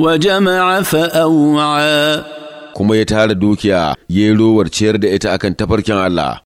wa jama'a fa'au'a kuma ya tara dukiya ya yi rowar ciyar da ita akan tafarkin Allah.